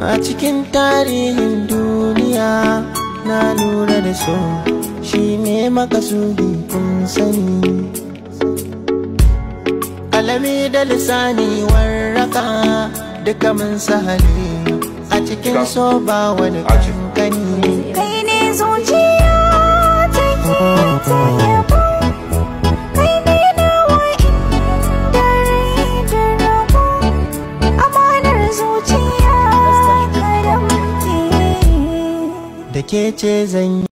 a cikin tarihin duniya na lura da so shi ne makasudi kun sani alami da lisani warraka duka mun sahali a cikin so ba wani kankani kai ne zuciya take da ke ce zan yi